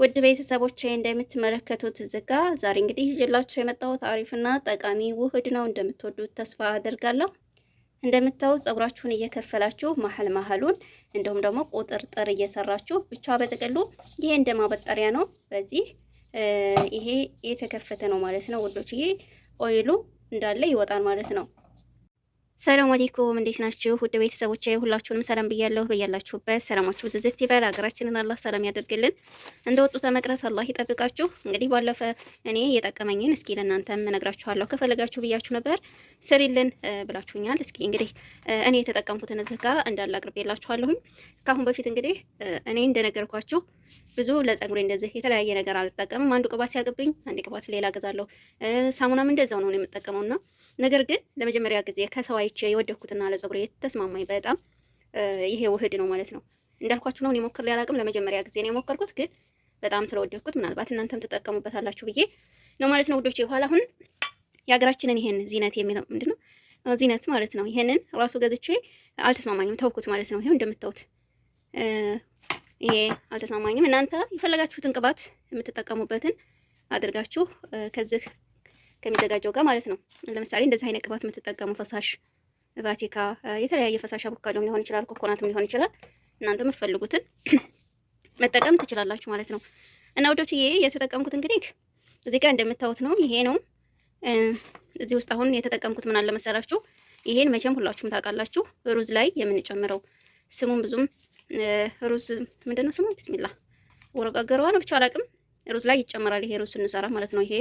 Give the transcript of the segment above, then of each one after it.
ውድ ቤተሰቦች እንደምትመለከቱት ዝጋ ዛሬ እንግዲህ ይዤላችሁ የመጣሁት አሪፍና ጠቃሚ ውህድ ነው። እንደምትወዱት ተስፋ አደርጋለሁ። እንደምታዩት ጸጉራችሁን እየከፈላችሁ መሀል መሀሉን እንዲሁም ደግሞ ቁጥርጥር እየሰራችሁ ብቻ በጥቅሉ ይሄ እንደ ማበጠሪያ ነው። በዚህ ይሄ የተከፈተ ነው ማለት ነው ውዶች። ይሄ ኦይሉ እንዳለ ይወጣል ማለት ነው። ሰላም አለይኩም እንዴት ናችሁ? ውድ ቤተሰቦቼ ሁላችሁንም ሰላም ብያለሁ። በያላችሁበት ሰላማችሁ ዝዝት ይበል። ሀገራችንን አላህ ሰላም ያደርግልን። እንደ ወጡ ተመቅረት አላህ ይጠብቃችሁ። እንግዲህ ባለፈ እኔ የጠቀመኝን እስኪ ለእናንተም እነግራችኋለሁ። ከፈለጋችሁ ብያችሁ ነበር ስሪልን ብላችሁኛል። እስኪ እንግዲህ እኔ የተጠቀምኩትን እዚህ ጋር እንዳለ አቅርቤላችኋለሁኝ። ከአሁን በፊት እንግዲህ እኔ እንደነገርኳችሁ ብዙ ለጸጉሬ እንደዚህ የተለያየ ነገር አልጠቀምም። አንዱ ቅባት ሲያልቅብኝ አንድ ቅባት ሌላ ገዛለሁ። ሳሙናም እንደዛው ነው የምጠቀመውና ነገር ግን ለመጀመሪያ ጊዜ ከሰው አይቼ የወደድኩትና ለጸጉሬ የተስማማኝ በጣም ይሄ ውህድ ነው ማለት ነው። እንዳልኳችሁ ነው እኔ ሞክሬ አላውቅም። ለመጀመሪያ ጊዜ ነው የሞከርኩት፣ ግን በጣም ስለወደድኩት ምናልባት እናንተም ትጠቀሙበታላችሁ ብዬ ነው ማለት ነው ውዶች። በኋላ አሁን የሀገራችንን ይሄን ዚነት የሚለው ምንድን ነው ዚነት ማለት ነው። ይሄንን ራሱ ገዝቼ አልተስማማኝም፣ ተውኩት ማለት ነው። ይሄው እንደምታዩት ይሄ አልተስማማኝም። እናንተ የፈለጋችሁትን ቅባት የምትጠቀሙበትን አድርጋችሁ ከዚህ ከሚዘጋጀው ጋር ማለት ነው። ለምሳሌ እንደዚህ አይነት ቅባት የምትጠቀሙ ፈሳሽ ቫቲካ፣ የተለያየ ፈሳሽ አቮካዶም ሊሆን ይችላል፣ ኮኮናትም ሊሆን ይችላል። እናንተ የምትፈልጉትን መጠቀም ትችላላችሁ ማለት ነው። እና ወዶች ይሄ የተጠቀምኩት እንግዲህ እዚህ ጋር እንደምታዩት ነው። ይሄ ነው እዚህ ውስጥ አሁን የተጠቀምኩት ምን አለ መሰላችሁ? ይሄን መቼም ሁላችሁም ታውቃላችሁ፣ ሩዝ ላይ የምንጨምረው ስሙን ብዙም ሩዝ ምንድነው ስሙ? ቢስሚላ ወረቀ ነው ብቻ አላውቅም። ሩዝ ላይ ይጨመራል። ይሄ ሩዝ ስንሰራ ማለት ነው። ይሄ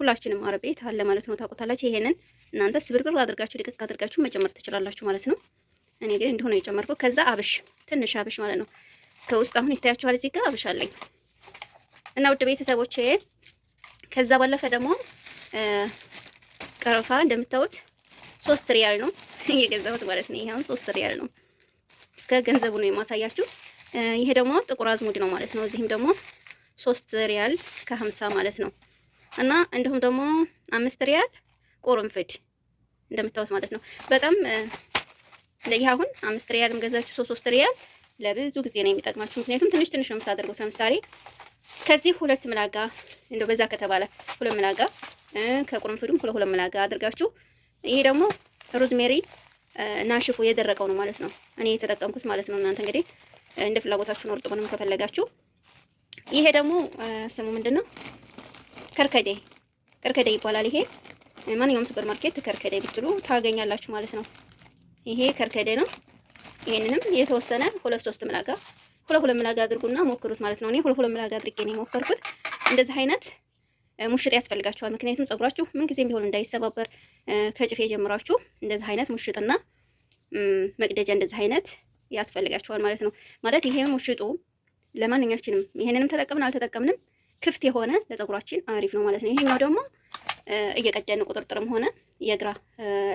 ሁላችንም ቤት አለ ማለት ነው። ታውቁታላችሁ። ይሄንን እናንተ ስብርብር አድርጋችሁ ድቅቅ አድርጋችሁ መጨመር ትችላላችሁ ማለት ነው። እኔ ግን እንዲሁ ነው ከዛ አብሽ ትንሽ አብሽ ማለት ነው ከውስጥ አሁን ይታያችኋል። እዚህ ጋር አብሽ አለኝ እና ውድ ቤተሰቦቼ ከዛ ባለፈ ደግሞ ቀረፋ እንደምታዩት ሶስት ሪያል ነው እየገዛሁት ማለት ነው። ይሄን ሶስት ሪያል ነው እስከ ገንዘቡ ነው የማሳያችሁ። ይሄ ደግሞ ጥቁር አዝሙድ ነው ማለት ነው። እዚህም ደግሞ ሶስት ሪያል ከሀምሳ ማለት ነው። እና እንዲሁም ደግሞ አምስት ሪያል ቁርንፍድ እንደምታወስ ማለት ነው። በጣም ለይህ አሁን አምስት ሪያልም ገዛችሁ ሶስት ሶስት ሪያል ለብዙ ጊዜ ነው የሚጠቅማችሁ። ምክንያቱም ትንሽ ትንሽ ነው የምታደርጉት። ለምሳሌ ከዚህ ሁለት ምላጋ እንደው በዛ ከተባለ ሁለት ምላጋ ከቁርንፍዱም ሁለት ሁለት ምላጋ አድርጋችሁ ይሄ ደግሞ ሮዝሜሪ ናሽፉ የደረቀው ነው ማለት ነው። እኔ የተጠቀምኩት ማለት ነው። እናንተ እንግዲህ እንደ ፍላጎታችሁ ነው። እርጥቡንም ከፈለጋችሁ ይሄ ደግሞ ስሙ ምንድነው? ከርከዴ ከርከዴ ይባላል። ይሄ ማንኛውም ሱፐር ማርኬት ከርከዴ ብትሉ ታገኛላችሁ ማለት ነው። ይሄ ከርከዴ ነው። ይሄንንም የተወሰነ ሁለት ሶስት ምላጋ ሁለት ሁለት ምላጋ አድርጉና ሞክሩት ማለት ነው። እኔ ሁለት ሁለት ምላጋ አድርጌ ነው የሞከርኩት። እንደዚህ አይነት ሙሽጥ ያስፈልጋችኋል። ምክንያቱም ጸጉራችሁ ጊዜም ቢሆን እንዳይሰባበር ከጭፌ ጀምራችሁ እንደዚህ አይነት ሙሽጥና መቅደጃ እንደዚህ አይነት ያስፈልጋችኋል ማለት ነው። ማለት ይሄ ሙሽጡ ለማንኛችንም ይሄንንም ተጠቀምን አልተጠቀምንም ክፍት የሆነ ለፀጉራችን አሪፍ ነው ማለት ነው። ይሄኛው ደግሞ እየቀደን ቁጥርጥርም ሆነ የግራ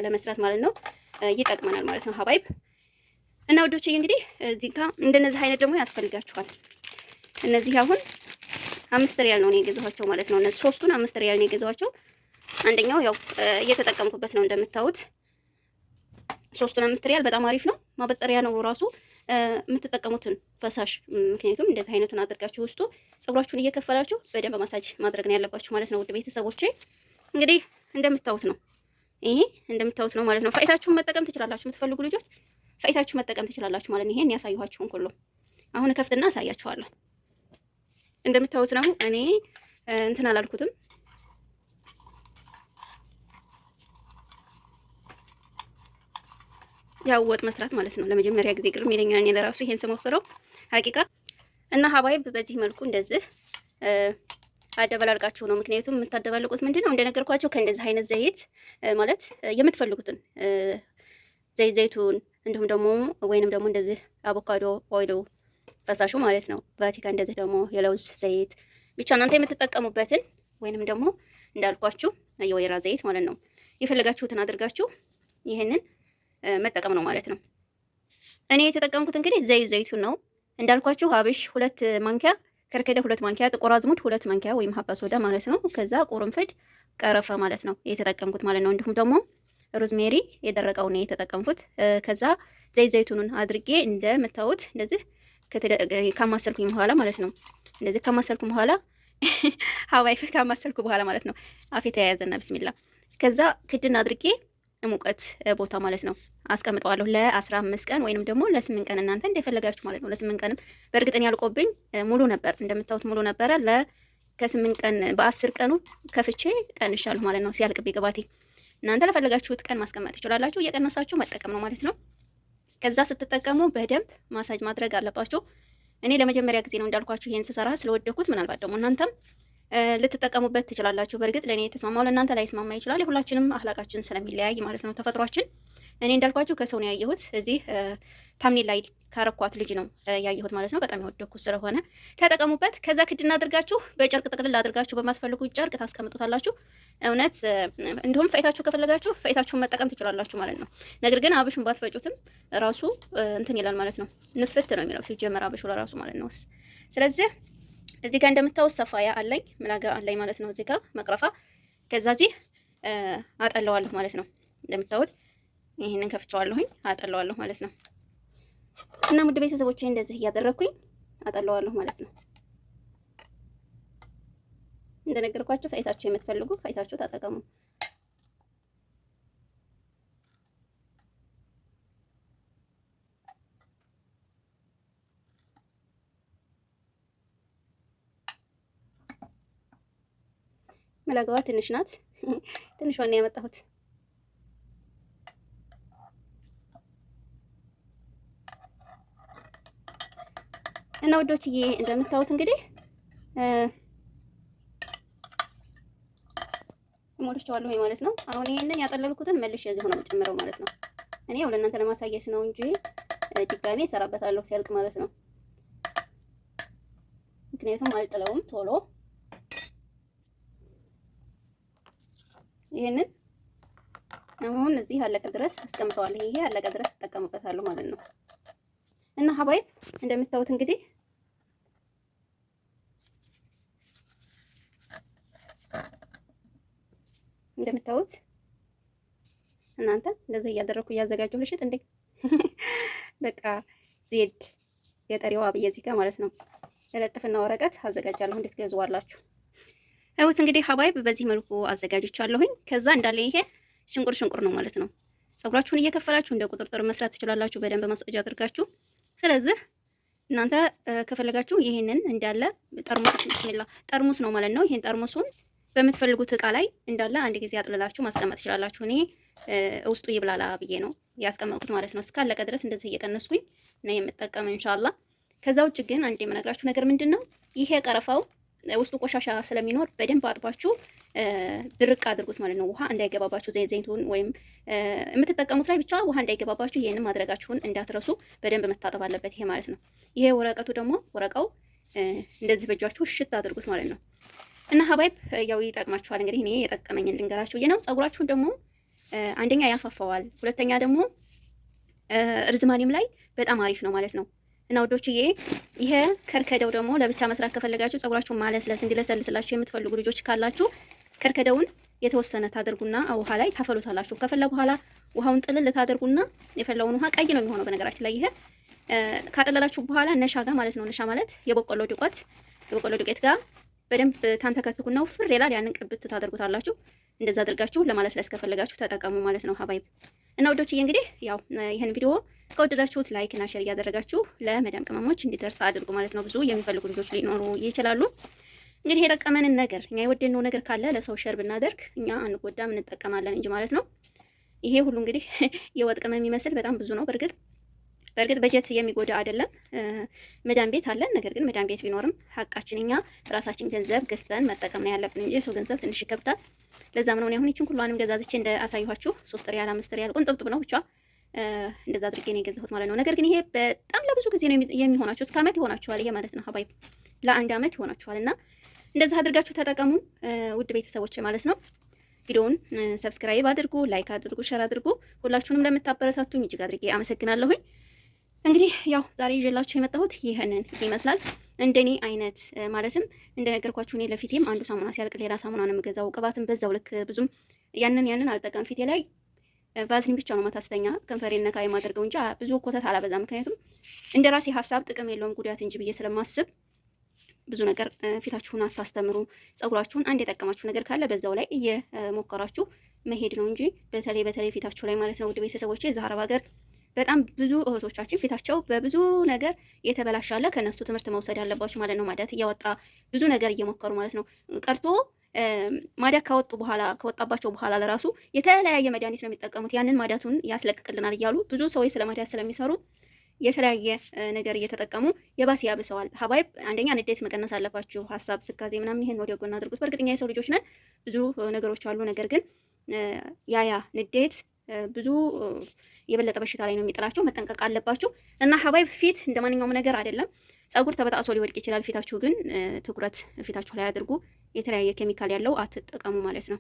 ለመስራት ማለት ነው ይጠቅመናል ማለት ነው። ሀባይብ እና ወዶቼ እንግዲህ እዚህ ጋር እንደነዚህ አይነት ደግሞ ያስፈልጋችኋል። እነዚህ አሁን አምስት ሪያል ነው የገዛኋቸው ማለት ነው። እነዚህ ሶስቱን አምስት ሪያል ነው የገዛኋቸው። አንደኛው ያው እየተጠቀምኩበት ነው እንደምታዩት። ሶስቱን አምስት ሪያል በጣም አሪፍ ነው። ማበጠሪያ ነው ራሱ የምትጠቀሙትን ፈሳሽ ምክንያቱም እንደዚህ አይነቱን አድርጋችሁ ውስጡ ጸጉራችሁን እየከፈላችሁ በደንብ ማሳጅ ማድረግ ነው ያለባችሁ ማለት ነው። ውድ ቤተሰቦቼ እንግዲህ እንደምታዩት ነው። ይሄ እንደምታዩት ነው ማለት ነው። ፋይታችሁን መጠቀም ትችላላችሁ። የምትፈልጉ ልጆች ፋይታችሁ መጠቀም ትችላላችሁ ማለት ነው። ይሄን ያሳየኋችሁን ሁሉ አሁን ከፍትና አሳያችኋለሁ። እንደምታዩት ነው። እኔ እንትን አላልኩትም ያው ወጥ መስራት ማለት ነው። ለመጀመሪያ ጊዜ ግርም ይለኛል እኔ ለራሱ ይሄን ስሞክረው ሀቂቃ እና ሀባይብ በዚህ መልኩ እንደዚህ አደበላልቃችሁ ነው። ምክንያቱም የምታደባልቁት ምንድን ነው እንደነገርኳችሁ ከእንደዚህ አይነት ዘይት ማለት የምትፈልጉትን ዘይት ዘይቱን፣ እንዲሁም ደግሞ ወይንም ደግሞ እንደዚህ አቮካዶ ኦይሉ ፈሳሹ ማለት ነው። ቫቲካ እንደዚህ ደግሞ የለውዝ ዘይት ብቻ እናንተ የምትጠቀሙበትን ወይንም ደግሞ እንዳልኳችሁ የወይራ ዘይት ማለት ነው የፈለጋችሁትን አድርጋችሁ ይህንን መጠቀም ነው ማለት ነው። እኔ የተጠቀምኩት እንግዲህ ዘይ ዘይቱን ነው እንዳልኳችሁ። ሀብሽ ሁለት ማንኪያ፣ ከርከደ ሁለት ማንኪያ፣ ጥቁር አዝሙድ ሁለት ማንኪያ ወይም ሀባ ሶዳ ማለት ነው። ከዛ ቁርንፍድ፣ ቀረፋ ማለት ነው የተጠቀምኩት ማለት ነው። እንዲሁም ደግሞ ሮዝሜሪ ነው የተጠቀምኩት። ከዛ ዘይ ዘይቱንን አድርጌ እንደምታዩት እንደዚህ ከማሰልኩኝ በኋላ ማለት ነው። እንደዚህ ከማሰልኩ በኋላ ሀባይፍ ከማሰልኩ በኋላ ማለት ነው። አፌ ተያያዘና ብስሚላ ከዛ ክድን አድርጌ ሙቀት ቦታ ማለት ነው አስቀምጠዋለሁ ለአስራ አምስት ቀን ወይንም ደግሞ ለስምንት ቀን እናንተ እንደፈለጋችሁ ማለት ነው። ለስምንት ቀንም በእርግጥን ያልቆብኝ ሙሉ ነበር እንደምታዩት ሙሉ ነበረ። ከስምንት ቀን በአስር ቀኑ ከፍቼ ቀንሻለሁ ማለት ነው ሲያልቅብኝ ቅባቴ። እናንተ ለፈለጋችሁት ቀን ማስቀመጥ ትችላላችሁ። እየቀነሳችሁ መጠቀም ነው ማለት ነው። ከዛ ስትጠቀሙ በደንብ ማሳጅ ማድረግ አለባችሁ። እኔ ለመጀመሪያ ጊዜ ነው እንዳልኳችሁ ይሄን ስሰራ ስለወደኩት ምናልባት ደግሞ እናንተም ልትጠቀሙበት ትችላላችሁ። በእርግጥ ለእኔ የተስማማው ለእናንተ ላይ ስማማ ይችላል። የሁላችንም አህላቃችን ስለሚለያይ ማለት ነው ተፈጥሯችን። እኔ እንዳልኳችሁ ከሰው ነው ያየሁት። እዚህ ታምኔል ላይ ካረኳት ልጅ ነው ያየሁት ማለት ነው። በጣም የወደኩት ስለሆነ ተጠቀሙበት። ከዛ ክድና አድርጋችሁ በጨርቅ ጥቅልል አድርጋችሁ በማስፈልጉ ጨርቅ ታስቀምጡታላችሁ። እውነት እንዲሁም ፈይታችሁ ከፈለጋችሁ ፈይታችሁን መጠቀም ትችላላችሁ ማለት ነው። ነገር ግን አብሹን ባትፈጩትም ራሱ እንትን ይላል ማለት ነው። ንፍት ነው የሚለው ሲጀመር አብሹ ለራሱ ማለት ነው። ስለዚህ እዚህ ጋር እንደምታወስ ሰፋያ አለኝ ምላጋ አለኝ ማለት ነው። እዚህ ጋር መቅረፋ ከዛ እዚህ አጠለዋለሁ ማለት ነው። እንደምታውል ይህንን ከፍቸዋለሁኝ አጠለዋለሁ ማለት ነው። እና ውድ ቤተሰቦች እንደዚህ እያደረግኩኝ አጠለዋለሁ ማለት ነው። እንደነገርኳቸው ፈይታችሁ የምትፈልጉ ፈይታችሁ ተጠቀሙ። መላጋዋ ትንሽ ናት። ትንሽ ነው ያመጣሁት። እና ወዶችዬ እንደምታዩት እንግዲህ ሞልቼዋለሁ ማለት ነው። አሁን ይሄንን ያጠለልኩትን መልሼ እዚሁ ሆነ የምጨምረው ማለት ነው። እኔ ያው ለእናንተ ለማሳየት ነው እንጂ ድጋሜ እሰራበታለሁ ሲያልቅ ማለት ነው። ምክንያቱም አልጥለውም ቶሎ ይህንን አሁን እዚህ አለቀ ድረስ አስቀምጠዋለሁ። ይሄ አለቀ ድረስ እጠቀምበታለሁ ማለት ነው። እና ሀባይ እንደምታዩት እንግዲህ እንደምታዩት እናንተ እንደዚህ እያደረኩ እያዘጋጀሁ ልሽጥ እንዴ! በቃ ዜድ የጠሪዋ አብዬ እዚህ ጋር ማለት ነው። የለጥፍና ወረቀት አዘጋጃለሁ። እንዴት ገዙዋላችሁ? እውት እንግዲህ ሀባይብ በዚህ መልኩ አዘጋጅቻለሁኝ። ከዛ እንዳለ ይሄ ሽንቁር ሽንቁር ነው ማለት ነው። ጸጉራችሁን እየከፈላችሁ እንደ ቁጥርጥር መስራት ትችላላችሁ፣ በደንብ ማስጠጃ አድርጋችሁ። ስለዚህ እናንተ ከፈለጋችሁ ይህንን እንዳለ ጠርሙስ ብስሚላ ጠርሙስ ነው ማለት ነው። ይህን ጠርሙሱን በምትፈልጉት እቃ ላይ እንዳለ አንድ ጊዜ አጥልላችሁ ማስቀመጥ ትችላላችሁ። እኔ ውስጡ ይብላላ ብዬ ነው ያስቀመጥኩት ማለት ነው። እስካለቀ ድረስ እንደዚህ እየቀነስኩኝ ነው የምጠቀም ኢንሻአላህ። ከዛ ውጭ ግን አንድ የምነግራችሁ ነገር ምንድን ነው ይሄ ቀረፋው ውስጡ ቆሻሻ ስለሚኖር በደንብ አጥባችሁ ድርቅ አድርጉት ማለት ነው። ውሃ እንዳይገባባችሁ ዘይቱን ወይም የምትጠቀሙት ላይ ብቻ ውሃ እንዳይገባባችሁ ይህንን ማድረጋችሁን እንዳትረሱ። በደንብ መታጠብ አለበት ይሄ ማለት ነው። ይሄ ወረቀቱ ደግሞ ወረቀው እንደዚህ በእጃችሁ ሽት አድርጉት ማለት ነው። እና ሀባይብ ያው ይጠቅማችኋል። እንግዲህ እኔ የጠቀመኝን ልንገራችሁ ነው። ጸጉራችሁን ደግሞ አንደኛ ያፋፋዋል፣ ሁለተኛ ደግሞ እርዝማኔም ላይ በጣም አሪፍ ነው ማለት ነው። እና ውዶችዬ ይሄ ከርከደው ደግሞ ለብቻ መስራት ከፈለጋችሁ ጸጉራችሁ ማለስለስ እንዲለሰልስላችሁ የምትፈልጉ ልጆች ካላችሁ ከርከደውን የተወሰነ ታደርጉና ውሃ ላይ ታፈሉታላችሁ። ከፈላ በኋላ ውሃውን ጥልል ታደርጉና የፈላውን ውሃ ቀይ ነው የሚሆነው። በነገራችን ላይ ይሄ ካጠለላችሁ በኋላ ነሻ ጋር ማለት ነው። ነሻ ማለት የበቆሎ ዱቄት የበቆሎ ዱቄት ጋር በደንብ ታንተከትኩና ውፍር ይላል። ያንን ቅብት ታደርጉታላችሁ። እንደዛ አድርጋችሁ ለማለስለስ ከፈለጋችሁ ተጠቀሙ ማለት ነው ሀባይብ እና ወዶችዬ እንግዲህ ያው ይህን ቪዲዮ ከወደዳችሁት ላይክ እና ሼር እያደረጋችሁ ለመዳም ቅመሞች እንዲደርስ አድርጉ ማለት ነው። ብዙ የሚፈልጉ ልጆች ሊኖሩ ይችላሉ። እንግዲህ የጠቀመንን ነገር እኛ የወደድነው ነገር ካለ ለሰው ሸር ብናደርግ እኛ አንጎዳም፣ እንጠቀማለን እንጂ ማለት ነው። ይሄ ሁሉ እንግዲህ የወጥ ቅመም የሚመስል በጣም ብዙ ነው በእርግጥ በእርግጥ በጀት የሚጎዳ አይደለም። መዳን ቤት አለን። ነገር ግን መዳን ቤት ቢኖርም ሀቃችን እኛ ራሳችን ገንዘብ ገዝተን መጠቀም ነው ያለብን እንጂ የሰው ገንዘብ ትንሽ ይከብዳል። ለዛ ነው እኔ አሁን ይችን ኩሏንም ገዛዝቼ እንደ አሳየኋችሁ ሶስት ሪያል አምስት ሪያል ቁንጥብጥብ ነው ብቻ እንደዛ አድርጌ ነው የገዛሁት ማለት ነው። ነገር ግን ይሄ በጣም ለብዙ ጊዜ ነው የሚሆናችሁ። እስከ አመት ይሆናችኋል ይሄ ማለት ነው። ሀባይ ለአንድ አመት ይሆናችኋል እና እንደዛ አድርጋችሁ ተጠቀሙ ውድ ቤተሰቦች ማለት ነው። ቪዲዮውን ሰብስክራይብ አድርጉ፣ ላይክ አድርጉ፣ ሸር አድርጉ። ሁላችሁንም ለምታበረታቱኝ እጅግ አድርጌ አመሰግናለሁኝ። እንግዲህ ያው ዛሬ ይዤላችሁ የመጣሁት ይህንን ይመስላል። እንደኔ አይነት ማለትም እንደነገርኳችሁ እኔ ለፊቴም አንዱ ሳሙና ሲያልቅ ሌላ ሳሙና ነው የምገዛው። ቅባትም በዛው ልክ ብዙም ያንን ያንን አልጠቀም። ፊቴ ላይ ቫዝሊን ብቻ ነው ማታስተኛ ከንፈሬን ነካ የማደርገው እንጂ ብዙ ኮተት አላበዛ። ምክንያቱም እንደ ራሴ ሀሳብ ጥቅም የለውም ጉዳት እንጂ ብዬ ስለማስብ ብዙ ነገር ፊታችሁን አታስተምሩ። ጸጉራችሁን አንድ የጠቀማችሁ ነገር ካለ በዛው ላይ እየሞከራችሁ መሄድ ነው እንጂ በተለይ በተለይ ፊታችሁ ላይ ማለት ነው ውድ ቤተሰቦቼ እዛ አረብ ሀገር በጣም ብዙ እህቶቻችን ፊታቸው በብዙ ነገር የተበላሻለ አለ። ከነሱ ትምህርት መውሰድ አለባቸው ማለት ነው። ማዳት እያወጣ ብዙ ነገር እየሞከሩ ማለት ነው ቀርቶ ማዳት ካወጡ በኋላ ከወጣባቸው በኋላ ለራሱ የተለያየ መድኃኒት ነው የሚጠቀሙት። ያንን ማዳቱን ያስለቅቅልናል እያሉ ብዙ ሰዎች ስለ ማዳት ስለሚሰሩ የተለያየ ነገር እየተጠቀሙ የባስ ያብሰዋል። ሀባይብ አንደኛ ንዴት መቀነስ አለባችሁ። ሀሳብ ፍካዜ ምናምን ይህን ወደ ጎን አድርጉት። በእርግጥኛ የሰው ልጆች ነን፣ ብዙ ነገሮች አሉ። ነገር ግን ያያ ንዴት ብዙ የበለጠ በሽታ ላይ ነው የሚጥላችሁ። መጠንቀቅ አለባችሁ እና ሀባይ ፊት እንደ ማንኛውም ነገር አይደለም። ጸጉር ተበጣሶ ሊወድቅ ይችላል። ፊታችሁ ግን ትኩረት ፊታችሁ ላይ አድርጉ። የተለያየ ኬሚካል ያለው አትጠቀሙ ማለት ነው።